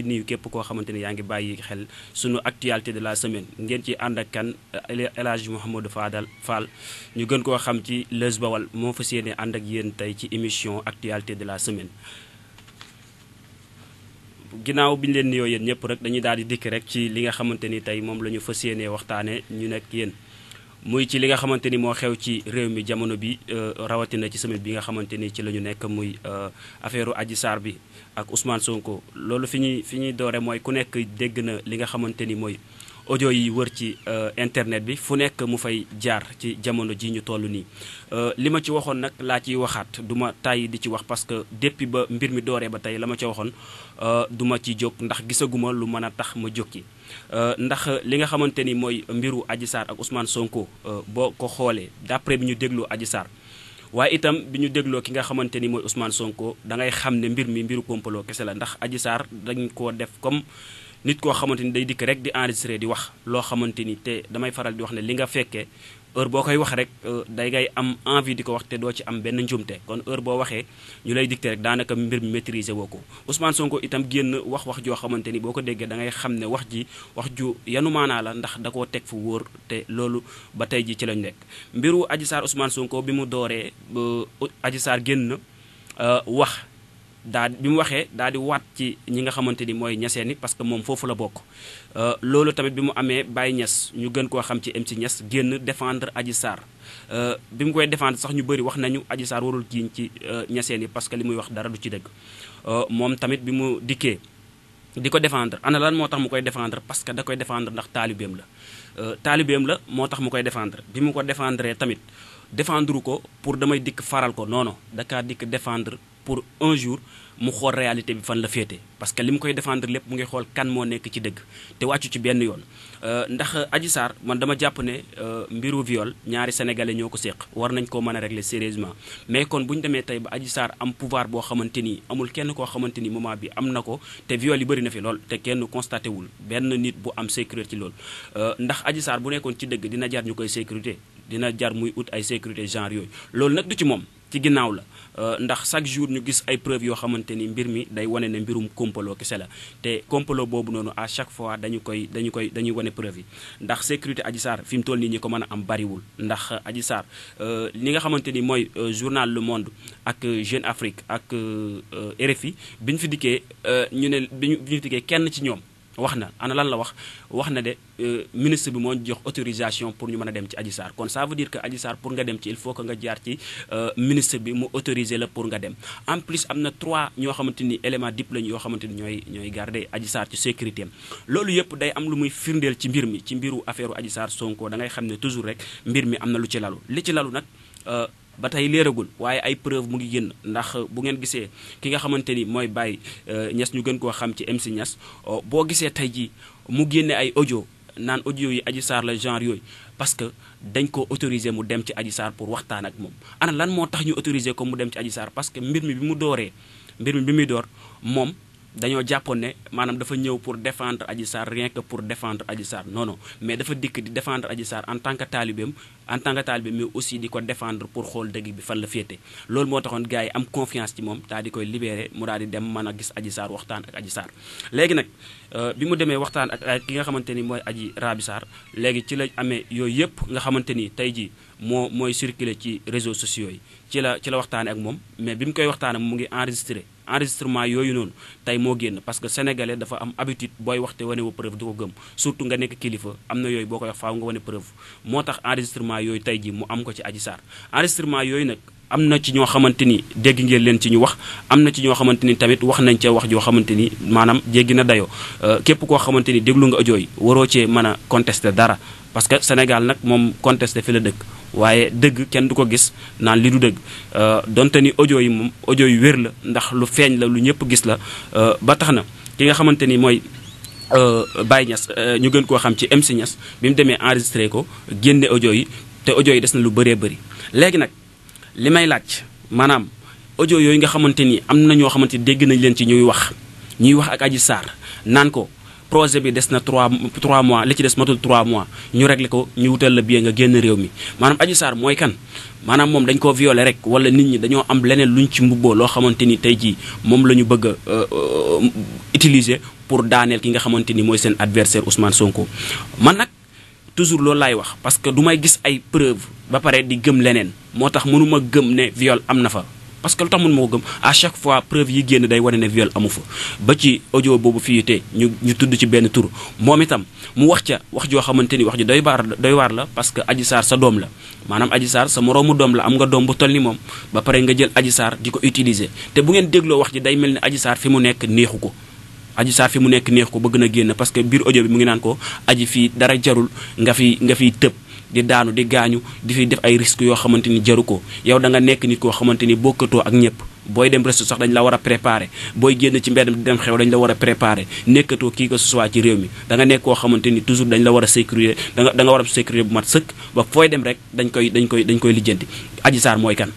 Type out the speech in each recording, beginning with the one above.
di nuyu képp koo xamante ne yaa ngi bàyyi xel sunu actualité de la semaine ngeen ci ànd ak kan El Hadj Mouhamadou Fadal ñu gën koo xam ci Leuz moo fa yéene ànd ak yéen tey ci émission actualité de la semaine. ginnaaw bi ñu leen nuyoo yéen ñëpp rek dañuy daal di dikk rek ci li nga xamante ni tey moom la ñu fas yéenee waxtaanee ñu nekk yéen. muy ci li nga xamante ni moo xew ci réew mi jamono bi euh, rawatina ci semaine bi nga xamante ni ci la ñu nekk muy euh, affaire Adji Sarr bi ak Ousmane Sonko loolu fi ñuy fi ñuy doore mooy ku nekk dégg na li nga xamante ni mooy audio yi wër ci euh, internet bi fu nekk mu fay jaar ci jamono ji ñu toll nii li ma ci waxoon nag laa ciy waxaat du ma tàyyi di ci wax parce que depuis ba mbir mi dooree ba tey la ma ca waxoon du ma ci jóg ndax gisaguma lu mën a tax ma jóg ci Euh, ndax li nga xamante ni mooy mbiru Adji Sarr ak Ousmane Sonko euh, boo ko xoolee d'après bi ñu dégloo Adji Sarr waaye itam bi ñu dégloo ki nga xamante ni mooy usmaan Sonko dangay xam ne mbir mi mbiru complot kese la ndax Adji Sarr dañ koo def comme nit koo xamante ni day dikk rek di enregistrer di wax loo xamante ni te damay faral di wax ne li nga fekkee heure boo koy wax rek euh, day ngay am envie di ko wax te doo ci am benn njuumte kon heure boo waxee ñu lay dicté rek daanaka mbir mi maîtriser woo ko Ousmane Sonko itam génn wax wax joo xamante ni boo ko déggee da ngay xam ne wax ji wax ju yanu maanaa la ndax da koo teg fu wóor te loolu ba tey ji ci lañ nekk mbiru Adji Sarr Ousmane Sonko bi mu dooree Adji Sarr génn euh, wax daa bi mu waxee daal di waat ci ñi nga xamante ni mooy ñaseeni parce que moom foofu la bokk euh, loolu tamit bi mu amee bàyyi ñas ñu gën koo xam ci MC Niass génn défendre Adji Sarr euh, bi mu koy défendre sax ñu bëri wax nañu Adji Sarr warul giiñ ci ñaseeni euh, parce que li muy wax dara du ci dëgg moom tamit bi mu dikkee di ko défendre ana lan moo tax mu koy défendre parce que da koy défendre ndax taalibeem la taalibeem la moo tax mu koy défendre bi mu ko defendree tamit défendre ko pour damay dikk faral ko non non dikk défendre pour un jour mu xool réalité bi fan la féete parce que li mu koy défendre lépp mu ngi xool kan moo nekk ci dëgg te wàccu ci benn yoon euh, ndax Adji Sarr man dama jàpp ne euh, mbiru viol ñaari sénégalais ñoo ko séq war nañ koo mën a régler sérieusement mais kon bu ñu demee tey ba Adji Sarr am pouvoir boo xamante ni amul kenn koo xamante ni moment bi am na ko te viol yi bëri na fi lool te kenn constaté wul benn nit bu am sécurité ci loolu euh, ndax Adji Sarr bu nekkoon ci dëgg dina jar ñu koy sécurité dina jar muy ay sécurité genre yooyu loolu nag du ci moom ci ginnaaw la euh, ndax chaque jour ñu gis ay preuves yoo xamante ni mbir mi day wane ne mbirum complot kese la te complot boobu noonu à chaque fois dañu koy dañu koy dañuy wane preuve yi ndax sécurité aji sar fi mu toll nii ñi ko mën a am bariwul ndax Adji Sarr euh, li nga xamante ni mooy euh, journal Le Monde ak Jeune Afrique ak RFI biñ fi dikkee ñu ne bi ñu fi dikkee kenn ci ñoom wax na ana lan la wax wax na de euh, ministre bi moo jox autorisation pour ñu mën a dem ci Adisar kon ça veut dire que Adisar pour nga dem ci il faut que nga jaar ci euh, ministre bi mu autoriser la pour nga dem en plus am na trois ñoo xamante ni élément dip lañu yoo xamante ni ñooy ñooy garder Adisar ci sécurité am loolu yëpp day am lu muy firndeel ci mbir mi ci mbiru affaire Adisar Sonko da ngay xam ne toujours rek mbir mi am na lu ci lalu li ci lalu nag euh, ba tey leeragul waaye ay preuve mu ngi génn ndax bu ngeen gisee ki nga xamante ni mooy Baye ñas euh, ñu gën koo xam ci MC Niass euh, boo gisee tey jii mu génne ay audio naan audio yi Adji Sarr la genre yooyu parce que dañ ko autorisé mu dem ci Adji Sarr pour waxtaan ak moom ana lan moo tax ñu autorisé ko mu dem ci Adji Sarr parce que mbir mi bi mu dooree mbir mi bi muy door moom dañoo jàppoon ne maanaam dafa ñëw pour défendre Adji Sarr rien que pour défendre Adji Sarr non non mais dafa dikk di défendre Adji Sarr en tant que talibem en tant que talibem mais aussi di ko défendre pour xool dëgg bi fan la féete. loolu moo taxoon gars yi am confiance ci moom daal di koy libéré mu daal di dem mën a gis Adji Sarr waxtaan ak Adji Sarr léegi nag euh, bi mu demee waxtaan ak ki nga xamante ni mooy Adji Rabi Sarr léegi ci la amee yooyu yëpp nga xamante ni tey jii moo mooy circuler ci réseaux sociaux yi ci la ci la waxtaanee ak moom mais bi mu koy waxtaan ak mu ngi enregistré. enregistrement yooyu noonu tey moo génn parce que sénégalais dafa am habitude booy waxte wane wu preuve du ko gëm surtout nga nekk kilifa am na yooyu boo ko wax faaw nga wane preuve moo tax enregistrement yooyu tey ji mu am ko ci Adji saar enregistrement yooyu nag am na ci ñoo xamante ni dégg ngeen leen ci ñu wax am na ci ñoo xamante ni tamit wax nañ ca wax joo xamante ni maanaam jéggi na dayoo euh, képp koo xamante ni déglu nga audio yi waroo cee mën a contester dara parce que Sénégal nag moom contester fi la dëkk waaye dëgg kenn du ko gis naan li du dëgg euh, donte ni audio yi moom audio yu wér la ndax lu feeñ la lu ñëpp gis la euh, ba tax na ki nga xamante ni mooy euh, Baye Niass ñu gën koo xam ci MC Niass bi mu demee enregistré ko génne audio yi te audio yi des na lu bëree bari léegi nag li may laaj maanaam audio yooyu nga xamante ni am na ñoo xamante dégg nañ leen ci ñuy wax ñuy wax ak Adji Sarr naan ko projet bi des na trois trois mois li ci des matul trois mois ñu réglé ko ñu wutal la bien nga génn réew mi maanaam Adji Sarr mooy kan maanaam moom dañ ko viole rek wala nit ñi dañoo am leneen lu luñ ci mbubboo loo xamante ni tey jii moom la ñu bëgg euh, euh, utiliser pour daaneel ki nga xamante ni mooy seen adversaire Ousmane Sonko man nag toujours loolu laay wax parce que du gis ay preuve ba pare di gëm leneen moo tax mënuma gëm ne viole am na fa parce que lu tax mun moo gëm à chaque fois preuve yi génn day war ne viol amu fa ba ci audio boobu fii te ñu ñu tudd ci benn tur moom itam mu wax ca wax joo xamante ni wax ji day baar doy waar la parce que Adji Sarr sa doom la maanaam Adji Sarr sa moroomu doom la am nga doom bu toll ni moom ba pare nga jël Adji Sarr di ko utiliser te bu ngeen dégloo wax ji day mel ni Adji saar fi mu nekk neexu ko aji saar fi mu nekk neex ko bëgg na génn parce que biir audio bi mu ngi naan ko aji fii dara jarul nga fi nga fiy tëb di daanu di gaañu di fi def ay risques yoo xamante ni jaru ko yow da nga nekk nit koo xamante ni bokkatoo ak ñëpp booy dem resto sax dañ la war a préparer booy génn ci mbedd di dem xew dañ la war a préparer nekkatoo kii que ce ci réew mi danga nekk koo xamante ni toujours dañ la war a sécuriser da nga da nga bu mat sëkk ba fooy dem rek dañ koy dañ koy dañ koy lijjanti Adji Sarr mooy kan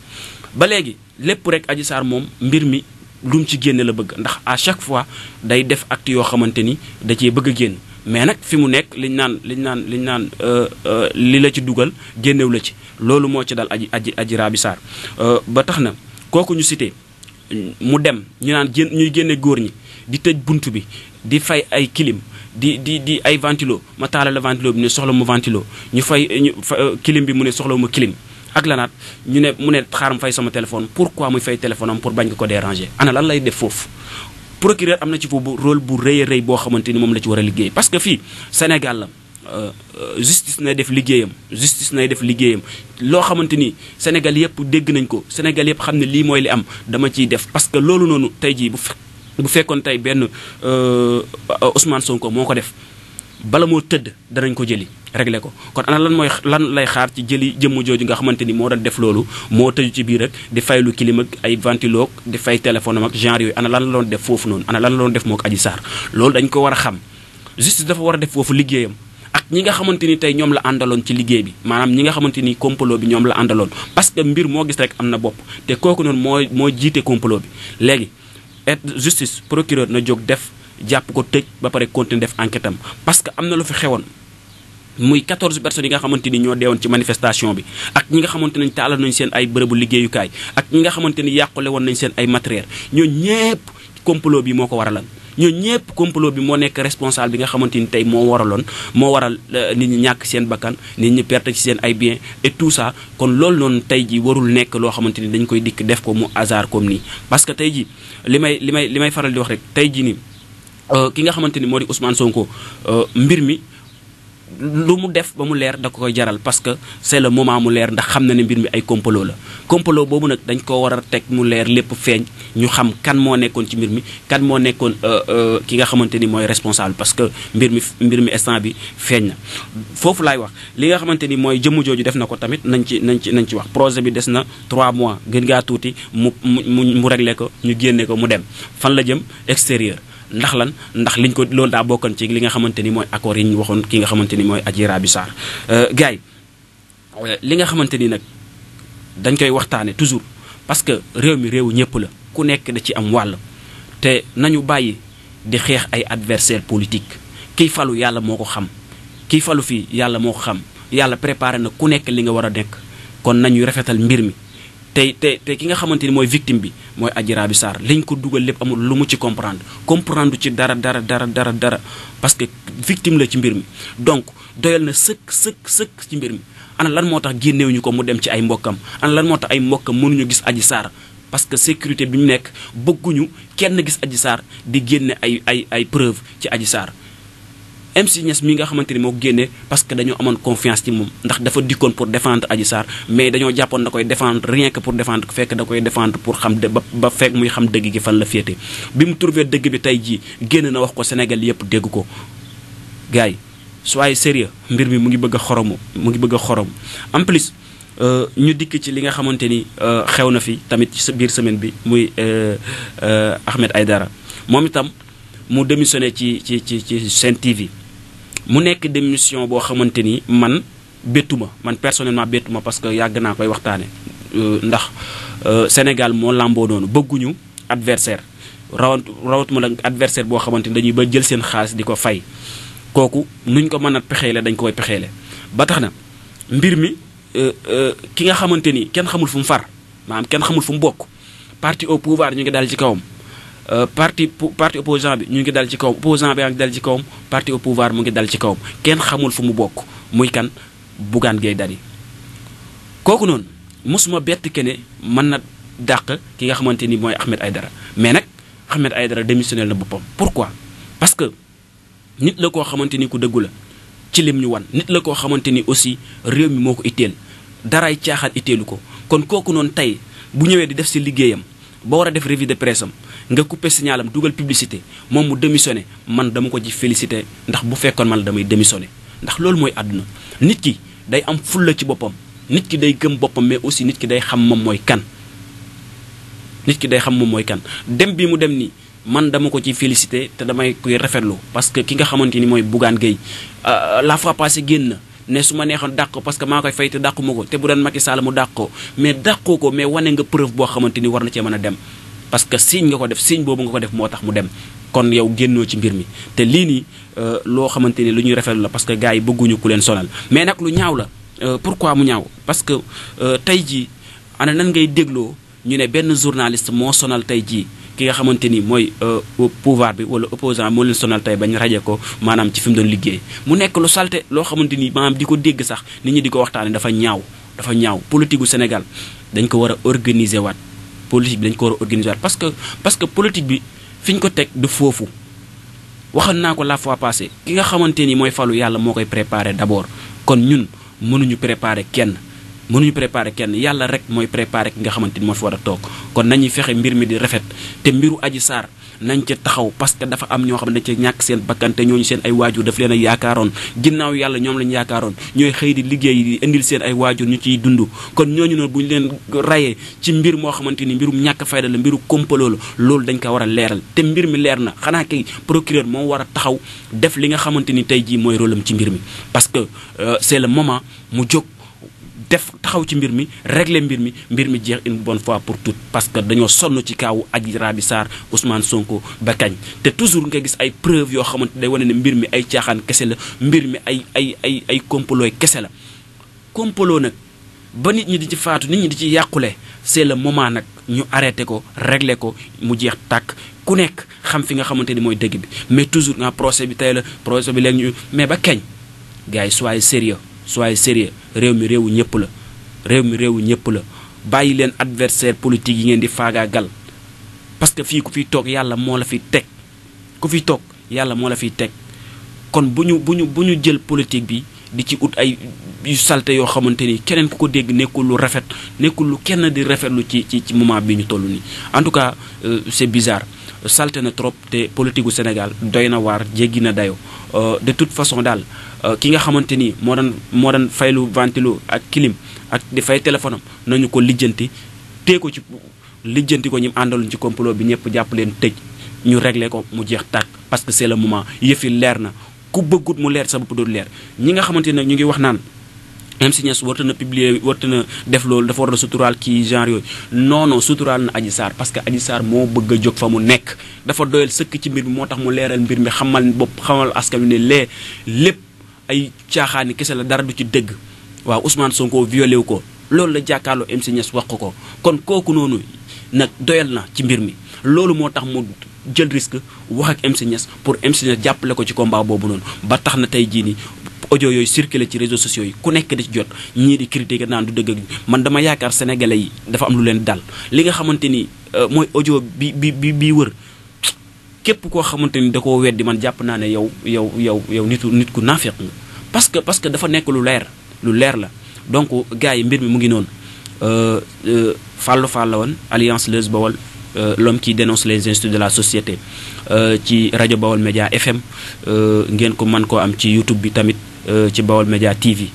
ba léegi lépp rek Adji Sarr moom mbir mi lu ci génne la bëgg ndax à chaque fois day def yoo xamante ni da cee bëgg a génn mais nag fi mu nekk liñ naan liñ naan liñ naan euh, euh, li la ci dugal génnew la ci loolu moo ci dal aj aji aji Rabi Sarr euh, ba tax na kooku ñu cité mu dem ñu naan génn ñuy génne góor ñi di tëj bunt bi di fay ay kilim di di di ay ventilo ma taala ventilo bi ñu soxla mu ventilo ñu fay ñu kilim bi mu ne soxla ma kilim ak lanaat ñu ne mu ne xaaram fay sama téléphone pourquoi muy fay téléphone pour bañ ko ko déranger ana lan lay def foofu procureur am na ci foofu role bu rëy a rëy boo xamante ni moom la ci war a liggéey parce que fii Sénégal la euh, euh, justice nay def liggéeyam justice nay def liggéeyam loo xamante ni Sénégal yëpp dégg nañ ko Sénégal yëpp xam ne lii mooy li am dama ciy def parce que loolu noonu tey jii bu bu fekkoon tey benn euh, Ousmane ko moo ko def. bala moo tëdd danañ ko jëli réglé ko kon ana lan mooy lan lay xaar ci jëli jëmm jooju nga xamante ni moo doon def loolu moo tëju ci biir rek di faylu clim ak ay ventilo di fay téléphone ak genre yooyu ana lan la doon def foofu noonu ana lan la doon def moo ko Adji Sarr loolu dañ ko war a xam justice dafa war a def foofu liggéeyam ak ñi nga xamante ni tey ñoom la àndaloon ci liggéey bi maanaam ñi nga xamante ni complot bi ñoom la àndaloon parce que mbir moo gis rek am na bopp te kooku noonu moo moo jiite complot bi léegi et justice procureur na jóg def jàpp ko tëj ba pare continuer def enquête am parce que am na lu fi xewoon muy 14 personnes yi nga xamante ni ñoo deewoon ci manifestation bi ak ñi nga xamante ne taaloon nañ seen ay bërëbu liggéeyukaay ak ñi nga xamante ni yàqule woon nañ seen ay matériel ñoo ñépp complot bi moo ko waralan ñoo ñépp complot bi moo nekk responsable bi nga xamante ni tey moo waraloon moo waral euh, nit ñi ñàkk seen bakkan nit ñi perte ci seen ay biens et tout ça kon loolu noonu tey ji warul nekk loo xamante ni dañ koy dikk def ko mu hasard comme nii parce que tey ji li may li may li faral di wax rek tey ji nii Euh, ki nga xamante ni moo di Ousmane Sonko euh, mbir mi lu mu def ba mu leer da ko koy jaral parce que c'est le moment mu leer ndax xam na ne mbir mi ay complot la complot boobu nag dañ ko war a teg mu leer lépp feeñ ñu xam kan moo nekkoon ci mbir mi kan moo nekkoon euh, ki nga xamante ni mooy responsable parce que mbir mi mbir mi instant bi feeñ na foofu laay wax li nga xamante ni mooy jëmm jooju def na ko tamit nañ ci nañ ci nañ ci wax projet bi des na 3 mois gën ngaa tuuti mu mu mu réglé ko ñu génne ko mu dem fan la jëm extérieur ndax lan ndax liñ ko loolu daa bokkoon ci li nga xamante ni mooy accord yi ñu waxoon ki nga xamante ni mooy Adji Raby Sarr euh, gars yi euh, li nga xamante ni nag dañ koy waxtaane toujours parce que réew mi réew ñëpp la ku nekk da ci am wàll te nañu bàyyi di xeex ay adversaire politique kiy falu yàlla moo ko xam kiy falu fii yàlla moo ko xam yàlla préparer na ku nekk li nga war a nekk kon nañuy rafetal mbir mi tey te te ki nga xamante ni mooy victime bi mooy Adji Raby Sarr lañ ko dugal lépp amul lu mu ci comprendre comprendre ci dara dara dara dara dara parce que victime la ci mbir mi donc doyal na sëkk sëkk sëkk ci mbir mi ana lan moo tax génnewuñu ko mu dem ci ay mbokkam ana lan moo tax ay mbokkam mënuñu gis aji saar parce que sécurité bi ñu nekk bëgguñu kenn gis aji Sarr di génne ay ay ay preuve ci Adji Sarr MC Niass mi nga xamante ni moo génnee parce que dañoo amoon confiance ci moom ndax dafa dikkoon pour défendre Adji Sarr mais dañoo jàppoon da koy défendre rien que pour défendre fekk da koy défendre pour xam de ba ba fekk muy xam dëgg gi fan la féete bi mu trouvé dëgg bi tey jii génn na wax ko Sénégal yépp dégg ko gars yi soyez sérieux mbir mi mu ngi bëgg a mu ngi bëgg xorom en plus euh, ñu dikk ci li nga xamante ni euh, fi tamit ci biir semaine bi muy euh, Ahmed Aydara moom itam mu démissionné ci ci ci ci Sen TV mu nekk démission boo xamante ni man bettu man personnellement bettu parce que yàgg naa koy waxtaane euh, ndax euh, Sénégal moo làmboo noonu bëgguñu adversaire rawat rawatuma nag adversaire boo xamante ni dañuy ba jël seen xaalis di ko fay kooku nuñ ko mën a pexeele dañ koy pexeele ba tax na mbir mi euh, ki nga xamante ni kenn xamul fu mu far maanaam kenn xamul fu mu bokk parti au pouvoir ñu ngi dal ci kawam Euh, parti pou parti opposant bi ñu ngi dal ci kawam opposant bi a ngi dal ci kawam parti au mu ngi dal ci kawam kenn xamul fu mu bokk muy kan Bougane Gueye Dany kooku noonu mosuma bett ke ne mën na dàq ki nga xamante ni mooy Ahmed dara mais nag Ahmed Aydara démissionnel na boppam pourquoi parce que nit la koo xamante ni ku dëggu la ci lim ñu wan nit la koo xamante ni aussi réew mi moo ko iteel daray caaxaan itteelu ko kon kooku noonu tey bu ñëwee di def si liggéeyam ba war a def revue de presse am nga coupé signalam dougal publicité moom mu démissionné man dama ko ci félicité ndax bu fekkoon man damay démissioné ndax lool moy aduna nit ki day am fulla ci bopam nit ki day gëm bopam mais aussi nit ki day xam mom moy kan nit ki day xam mom moy kan dem bi mu dem ni man dama ko ci félicité te damay koy rafetlu parce que ki nga xamante moy mooy Bougane Gueye euh, la fois passée génn ne su ma parce que ma koy fayte te dàqu ma ko te bu doon Macky Sall mu dàq mais dàqoo ko mais wane nga preuve bo xamante ni war na dem parce que signe nga ko def signe boobu nga ko def moo tax mu dem kon yow génnoo ci mbir mi te lii nii euh, loo xamante ni lu ñuy rafetlu la parce que gars yi bëgguñu ku leen sonal mais nag lu ñaaw la euh, pourquoi mu ñaaw parce que euh, tey jii ana nan ngay dégloo ñu ne benn journaliste moo sonal tey jii ki nga xamante ni mooy pouvoir bi wala opposant moo leen sonal tey bañ raje ko maanaam ci fi mu doon liggéey mu nekk lu salte loo xamante ni maanaam di ko dégg sax nit ñi di ko waxtaane dafa ñaaw dafa ñaaw politique gu Sénégal dañ ko war a organiser waat politique bi dañ koo war a organiser parce que parce bi fi ñu ko teg du foofu waxoon naa ko la fois passée ki nga xamante ni mooy falu yàlla moo koy préparer d'abord kon ñun mënuñu préparer kenn mënuñu préparer kenn yàlla rek mooy préparer ki nga xamante ni moo fi war a toog kon nañuy fexe mbir mi di rafet te mbiru aji Sarr nañ ca taxaw parce que dafa am ñoo xam ne dañ ca ñàkk seen bakkan te ñooñu seen ay waajur daf leen a yaakaaroon ginnaaw yàlla ñoom lañ yaakaaroon ñooy xëy di liggéey di indil seen ay waajur ñu ciy dund kon ñooñu noonu bu ñu leen rayee ci mbir moo xamante ni mbiru ñàkk fayda la mbiru kompaloo la loolu dañ ko war a leeral te mbir mi leer na xanaa kay procureur moom war a taxaw def li nga xamante ni tey jii mooy rôlam ci mbir mi parce que euh, c'est le moment mu jóg def taxaw ci mbir mi régler mbir mi mbir une bonne fois pour toutes parce que dañoo sonn ci kaawu Adji Raby Ousmane Sonko ba kañ te toujours nga gis ay preuves yoo xamante day wane mbir mi ay caaxaan kese mbir mi ay ay ay ay complot kese complot nag ba nit ñi di ci faatu nit ñi di ci c'est le moment nag ñu arrêté ko régler ko mu jeex tàkk ku nekk xam fi nga xamante dëgg bi mais toujours nga procès bi procès bi léegi mais ba sérieux soyez sérieux réew mi réewu ñëpp la réew mi réewu ñëpp la bàyyi leen adversaire politique yi ngeen di gal parce que fii ku fi toog yàlla moo la fi teg ku fi toog yàlla moo la fi teg kon bu ñu bu ñu bu ñu jël politique bi di ci ut ay yu salte yoo xamante ni keneen ku ko dégg nekkul lu rafet nekkul lu kenn di rafetlu ci ci ci moment bi ñu toll nii en tout cas euh, c'est bizarre salte na trop te politique gu Sénégal doy na waar jéggi na dayo euh, de tout façon daal euh, ki nga xamante ni moo daan moo daan faylu ventilo ak kilim ak di fay téléphone am nañu ko lijjanti tee ko ci lijjanti ko ñi àndalu ci complot bi ñëpp jàpp leen tëj ñu réglé ko mu jeex tàkk parce que c'est le moment yëf yi leer na ku bëggut mu leer sa bopp dootu leer ñi nga xamante ne ñu ngi wax naan. MC Niass warta na publier warta na def loolu dafa war a suturaal kii genre yooyu non non suturaal na Adji Sarr parce que Adji Sarr moo bëgg a jóg fa mu nekk dafa doyal sëkk ci mbir mi moo tax mu leeral mbir mi xamal bopp xamal askan wi ne lee lépp ay caaxaani kese la dara du ci dëgg waaw Ousmane Sonko violé wu ko loolu la jàkkaarloo MC Niass wax ko kon kooku noonu nag doyal na ci mbir mi loolu moo tax mu jël risque wax ak MC pour MC jàppale ko ci combat boobu noonu ba tax na tey jii nii audio yooyu circulé ci réseaux sociaux yi ku nekk di ci jot ñii di critiquer naan du dëgg ak man dama yaakaar sénégalais yi dafa am lu leen daal li nga xamante ni euh, mooy audio bi bi bi bi wër képp koo xamante ni da koo weddi man jàpp naa ne yow yow yow yow nitu nit ku naafeq nga parce que parce que dafa nekk lu leer lu leer la donc gars yi mbir mi mu ngi noonu euh, euh, Fallou Fall la woon Alliance Leuz Baol l'homme qui dénonce les instituts de la société ci rajo Baol Média FM ngeen ko mën koo am ci YouTube bi tamit Euh, ci Baol Média TV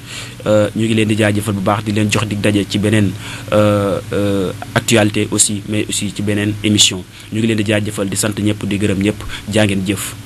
euh, ñu ngi leen di jaajëfal bu baax di leen jox di daje ci beneen euh, actualité aussi mais aussi ci beneen émission ñu ngi leen di jëfal di sant ñëpp di gërëm ñëpp jaa ngeen jëf.